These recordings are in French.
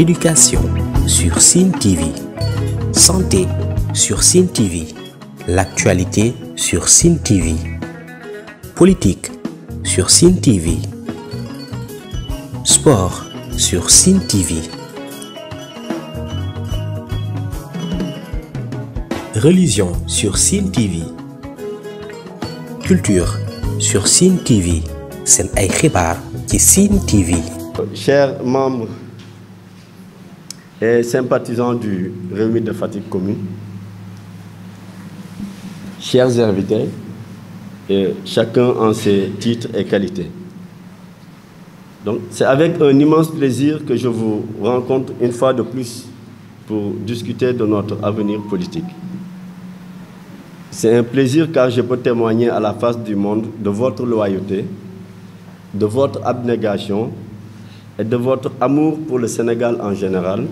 Éducation sur Cine TV. Santé sur Cine TV. L'actualité sur Cine TV. Politique sur Cine TV. Sport sur Cine TV. Religion sur Cine TV. Culture sur Cine TV. C'est un par Cine TV. Chers membres et sympathisants du Réunion de Fatigue commune, chers invités, et chacun en ses titres et qualités. Donc, c'est avec un immense plaisir que je vous rencontre une fois de plus pour discuter de notre avenir politique. C'est un plaisir car je peux témoigner à la face du monde de votre loyauté, de votre abnégation et de votre amour pour le Sénégal en général,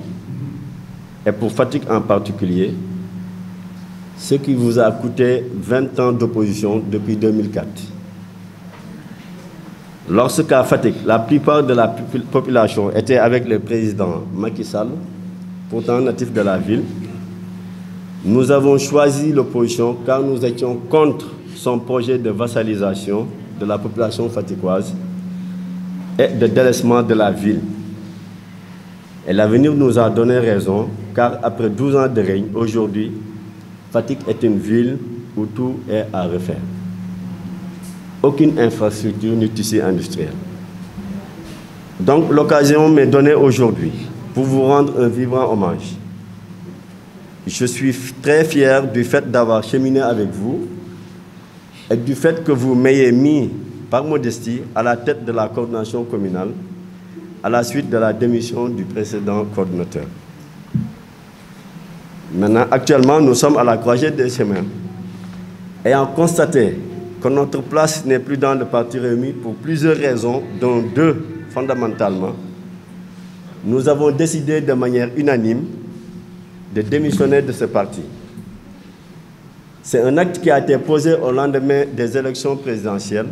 et pour Fatik en particulier, ce qui vous a coûté 20 ans d'opposition depuis 2004. Lorsqu'à Fatik, la plupart de la population était avec le président Macky Sall, pourtant natif de la ville, nous avons choisi l'opposition car nous étions contre son projet de vassalisation de la population faticoise et de délaissement de la ville. Et l'avenir nous a donné raison, car après 12 ans de règne, aujourd'hui, Fatik est une ville où tout est à refaire. Aucune infrastructure ni tissu industriel. Donc l'occasion m'est donnée aujourd'hui pour vous rendre un vibrant hommage. Je suis très fier du fait d'avoir cheminé avec vous et du fait que vous m'ayez mis par modestie à la tête de la coordination communale à la suite de la démission du précédent coordonnateur. Maintenant, actuellement, nous sommes à la croisée des chemins. Ayant constaté que notre place n'est plus dans le parti Réuni... pour plusieurs raisons, dont deux fondamentalement, nous avons décidé de manière unanime de démissionner de ce parti. C'est un acte qui a été posé au lendemain des élections présidentielles,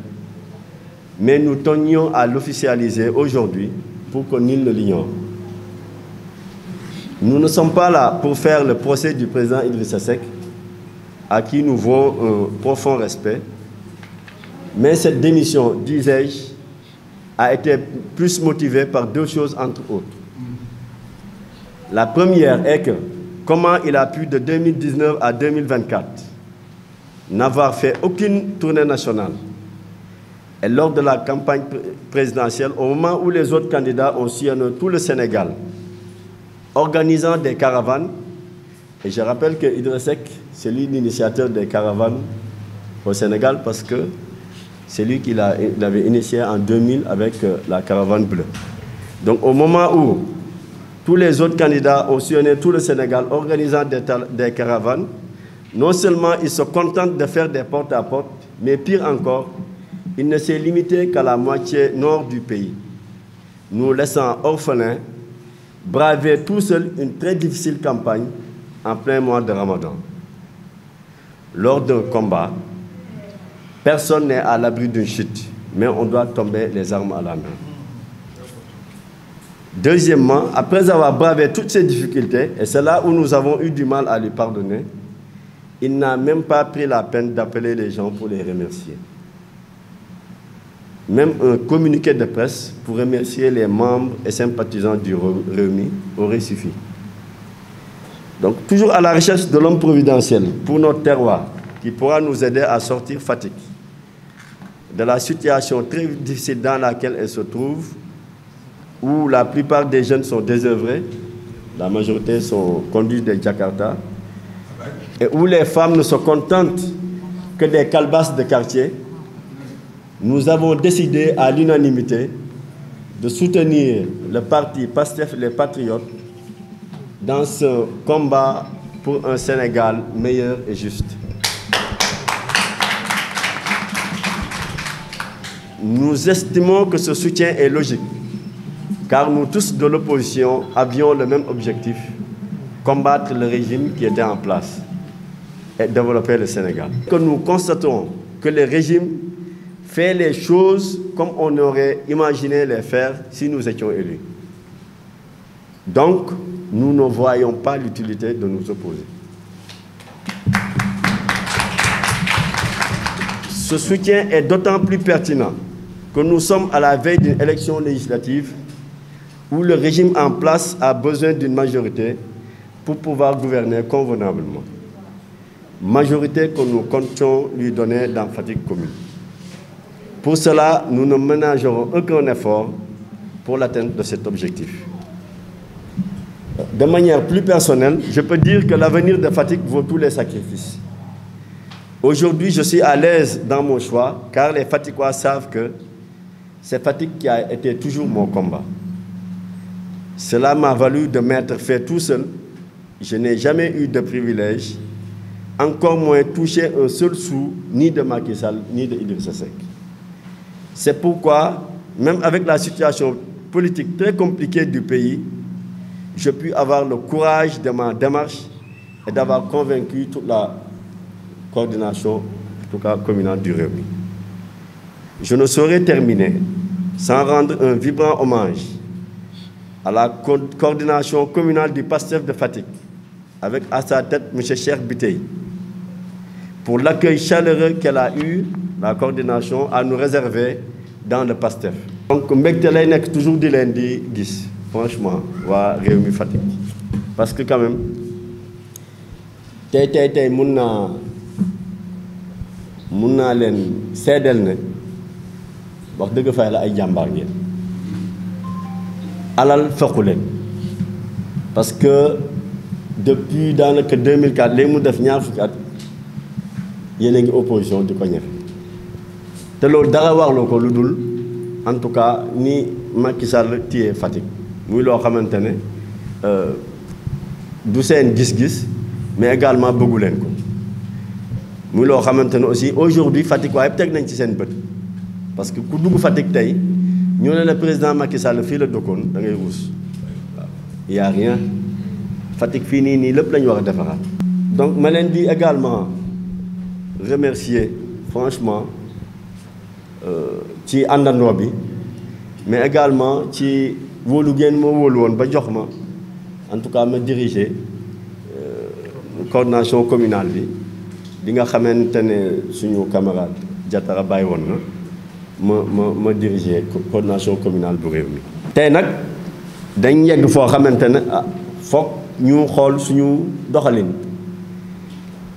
mais nous tenions à l'officialiser aujourd'hui pour qu'on y le l'ignore. Nous ne sommes pas là pour faire le procès du président Idrissa Sek, à qui nous voulons un profond respect. Mais cette démission, disais-je, a été plus motivée par deux choses entre autres. La première est que comment il a pu de 2019 à 2024 n'avoir fait aucune tournée nationale, et lors de la campagne présidentielle, au moment où les autres candidats ont sillonné tout le Sénégal, organisant des caravanes, et je rappelle que Idrissek, c'est lui l'initiateur des caravanes au Sénégal parce que c'est lui qui l'avait initié en 2000 avec euh, la caravane bleue. Donc au moment où tous les autres candidats ont sillonné tout le Sénégal organisant des, caravanes, non seulement ils se contentent de faire des porte à -porte, mais pire encore, il ne s'est limité qu'à la moitié nord du pays, nous laissant orphelins braver tout seul une très difficile campagne en plein mois de Ramadan. Lors d'un combat, personne n'est à l'abri d'une chute, mais on doit tomber les armes à la main. Deuxièmement, après avoir bravé toutes ces difficultés, et c'est là où nous avons eu du mal à lui pardonner, il n'a même pas pris la peine d'appeler les gens pour les remercier même un communiqué de presse pour remercier les membres et sympathisants du Réunis aurait suffi. Donc, toujours à la recherche de l'homme providentiel pour notre terroir, qui pourra nous aider à sortir fatigué de la situation très difficile dans laquelle elle se trouve, où la plupart des jeunes sont désœuvrés, la majorité sont conduits de Jakarta, et où les femmes ne sont contentent que des calbasses de quartier nous avons décidé à l'unanimité de soutenir le parti PASTEF les Patriotes dans ce combat pour un Sénégal meilleur et juste. Nous estimons que ce soutien est logique, car nous tous de l'opposition avions le même objectif, combattre le régime qui était en place et développer le Sénégal. Que nous constatons que le régime faire les choses comme on aurait imaginé les faire si nous étions élus. Donc, nous ne voyons pas l'utilité de nous opposer. Ce soutien est d'autant plus pertinent que nous sommes à la veille d'une élection législative où le régime en place a besoin d'une majorité pour pouvoir gouverner convenablement. Majorité que nous comptons lui donner dans Fatigue commune. Pour cela, nous ne ménagerons aucun effort pour l'atteinte de cet objectif. De manière plus personnelle, je peux dire que l'avenir de Fatigue vaut tous les sacrifices. Aujourd'hui, je suis à l'aise dans mon choix, car les Faticois savent que c'est Fatigue qui a été toujours mon combat. Cela m'a valu de m'être fait tout seul. Je n'ai jamais eu de privilège, encore moins touché un seul sou, ni de Macky ni de Idrissa c'est pourquoi, même avec la situation politique très compliquée du pays, je puis avoir le courage de ma démarche et d'avoir convaincu toute la coordination, en tout cas communale du Rémi. Je ne saurais terminer sans rendre un vibrant hommage à la coordination communale du pasteur de Fatigue, avec à sa tête M. Cher Bitey, pour l'accueil chaleureux qu'elle a eu la coordination à nous réserver dans le PASTEF. donc mbégte lay nekk toujours du lundi, 10. franchement wa réew fatigue. parce que quand même tay tay tay mun naa l'en, naa leen ne wax deug fay la ay jambar ngeen alal fekku parce que depuis dans le 2004 les mou def ñaar fukki a ngi opposition di ko c'est ce dara nous ko en tout cas ni Macky Sall Nous Fatick muy loo ne euh, gis-gis mais également bëggu leen ko aussi aujourd'hui parce que ku dugg Fatick président Macky Sall la a rien Fatick fii ni la ñu donc je également remercier franchement euh, ci àndandoo bi mais également ci wóolu gene ma wóolu woon ba jox ma en tout cas ma diriger euh, coordination communale bi di nga xamantene suñu camarade Diatara bàyyi won na ma ma ma diriger coordination communale bu réew mi. tey nag dañ yegg fo xamantene ne ah foog ñu xol suñu doxalin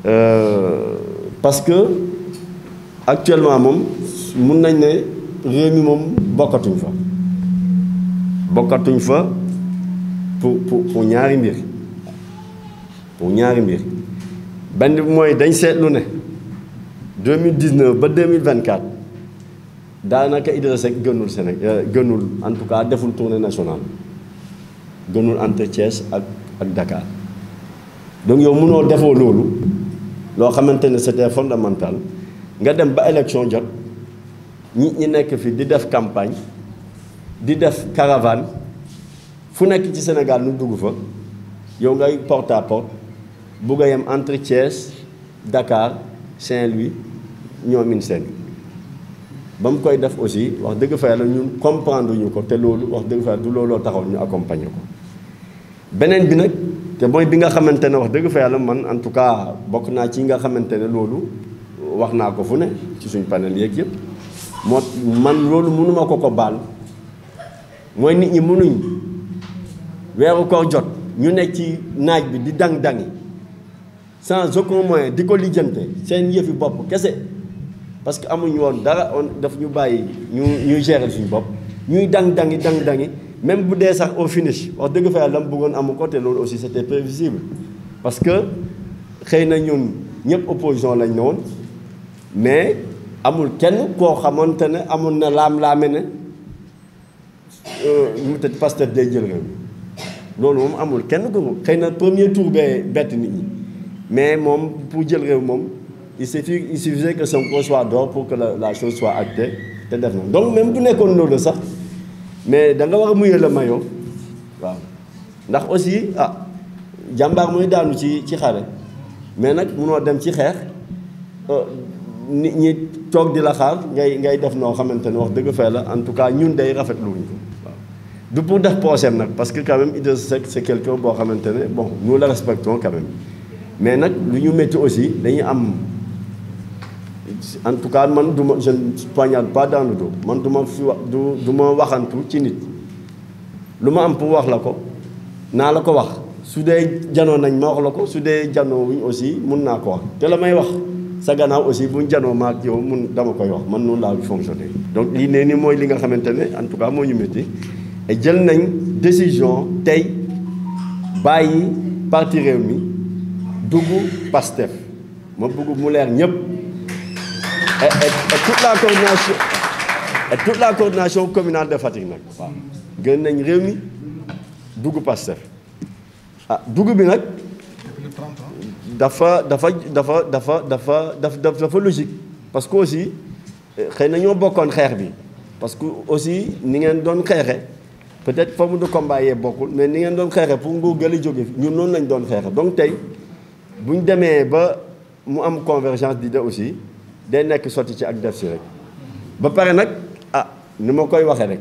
euh, parce que actuellement mom mën nañ né réew mi moom bokkatuñ fa bokatuñ fa pour pour pour ñaari mbir pour ñaari mbir benn moy mooy dañ seetlu né 2019 ba 2024 danaka Idrissa gënul Sénégal euh, gënul en tout cas deful tournée nationale gënul entre Thiès ak ak Dakar donc yow mënoo defoo loolu loo xamante ne c'était fondamental nga dem ba élection jot nit ñi nekk fi di def campagne di def caravane fu nekk ci Sénégal nu dugg fa yow ngay porte à porte yam a yem entre Thiès Dakar Saint-Louis ñoomin seen ba mu koy def aussi wax dëgg fa yàlla ñun comprendre ñu ko te loolu wax dëgg fa yàlla du looloo taxaw ñu accompagner ko beneen bi nag te mooy bi nga xamante ne wax dëgg fa yàlla man en tout cas bokk naa ci nga xamante ne loolu wax naa ko fu ne ci suñ panel yeeg yëpp moo man loolu mënuma ko ko baal mooy nit ñi mënuñ weeru koor jot ñu nekk ci naaj bi di dang-dangi sans aucun moyen di ko lijjante seen yëfi bopp kese parce que amuñu woon dara on daf ñu bàyyi ñu ñuy gérer suñ bopp ñuy dang-dangi dang-dangi même bu dee sax au finish wax dëgg fa yàlla mu bëggoon amu ko te loolu aussi c'était prévisible parce que xëy na ñun ñëpp opposition lañ ne woon mais amul kenn koo xamante ne amul na laam-laame ne euh, mu tëj pasteur day jël rew mi loolu moom amul kenn ko xëy na premier tour bee bett nit ñi mais moom pour jël rew moom il suffit il suffisait que Sonko soit dehors pour que la la chose soit actée te def na donc même bu nekkoon loolu sax mais da nga war a muyee la maillot waaw ndax aussi ah jàmbaar mooy daanu ci ci xare mais nag munoo dem ci xeex. Euh, nit ñi toog di la xaar ngay ngay def noo xamante ne wax dëgg fee la en tout cas ñun day rafetlu wuñ ko du pour def poosem nag parce que quand même Idrissa Seck c'est boo xamante ne bon nous la respectons quand mais nag lu ñu metti aussi dañu am en tout cas man du ma je ne poignarde pas dans le dos man du fi wax du du waxantu ci nit lu ma am pour wax la ko naa la ko wax su dee janoo nañ ma wax la ko su dee janoo wuñ aussi mun naa ko wax te la may wax sa gannaaw aussi bu jano janoo maag yow dama koy wax man noonu la fonctionné donc li néni moy li nga xamantene en tout cas mo ñu metti et jël nañ décision tay bàyyi parti réew mi dugg Pastef mo bëgg mu leer ñëpp et toute la coordination et toute la coordination communale de Fatick nak waaw gën nañ réew mi dugg Pastef ah dugg bi nag dafa dafa dafa dafa dafa dafa logique parce que aussi xeyna ñoo bokkon xeex bi parce que aussi ni ngeen doon xeexe peut-être forme do combat yee bokkul mais ni ngeen doon xeexe pour nguur gëli jogé ñun non lañ doon xeexe donc tay buñ démé ba mu am convergence d'idées aussi day nek sotti ci ak def rek ba paré nak ah ni ma koy waxé rek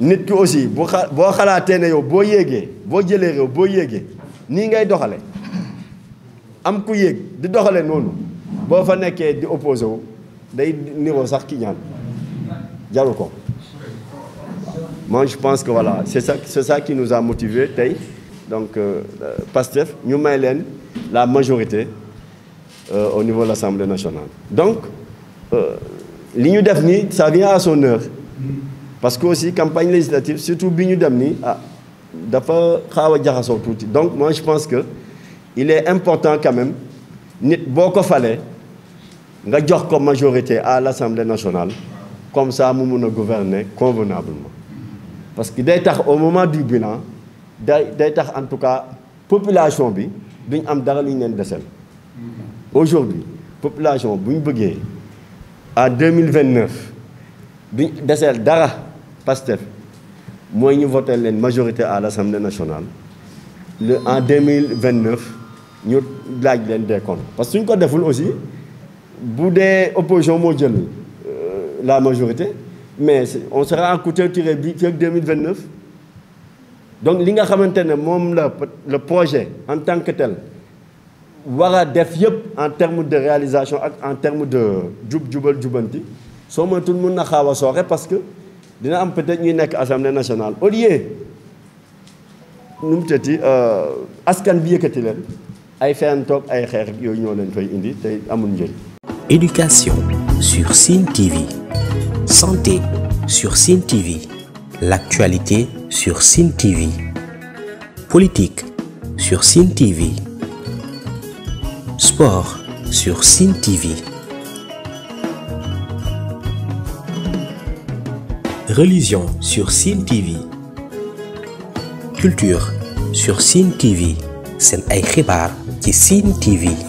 nit ki aussi bo xalaté né yow bo yégué bo jëlé rew bo yégué ni ngay doxalé moi je pense que voilà c'est ça c'est ça qui nous a motivé donc euh, euh, Pastef ñu la majorité euh, au niveau de l'Assemblée nationale donc li ñu ça vient à son heure parce que aussi campagne législative surtout bi ñu dem ni ah dafa son a donc moi je pense que il est important quand même nit faut que majorité à l'Assemblée nationale comme ça mu gouverner convenablement parce que au moment du bilan day en tout cas population bi duñ am dara aujourd'hui population buñ bëggé à 2029 duñ desel dara Pasteur moy ñu majorité à l'Assemblée nationale en 2029 ñu laaj leen des comptes parce que suñ ko deful aussi bu dee opposition moo jël euh, la majorité mais on sera en côté tiré bi fii 2029 donc li nga xamante ne moom la le projet en tant que tel war a def yëpp en terme de réalisation ak en terme de jub jubal jubanti soo tout mun na xaaw a parce que dina am peut-être ñuy nekk assemblée nationale au lieu nu mu tëddi euh, askan bi yëkkati leen éducation sur Cine TV santé sur Cine TV l'actualité sur Cine TV politique sur Cine TV sport sur Cine TV religion sur Cine TV culture sur Cine TV seen ay xibaar ci Sine TV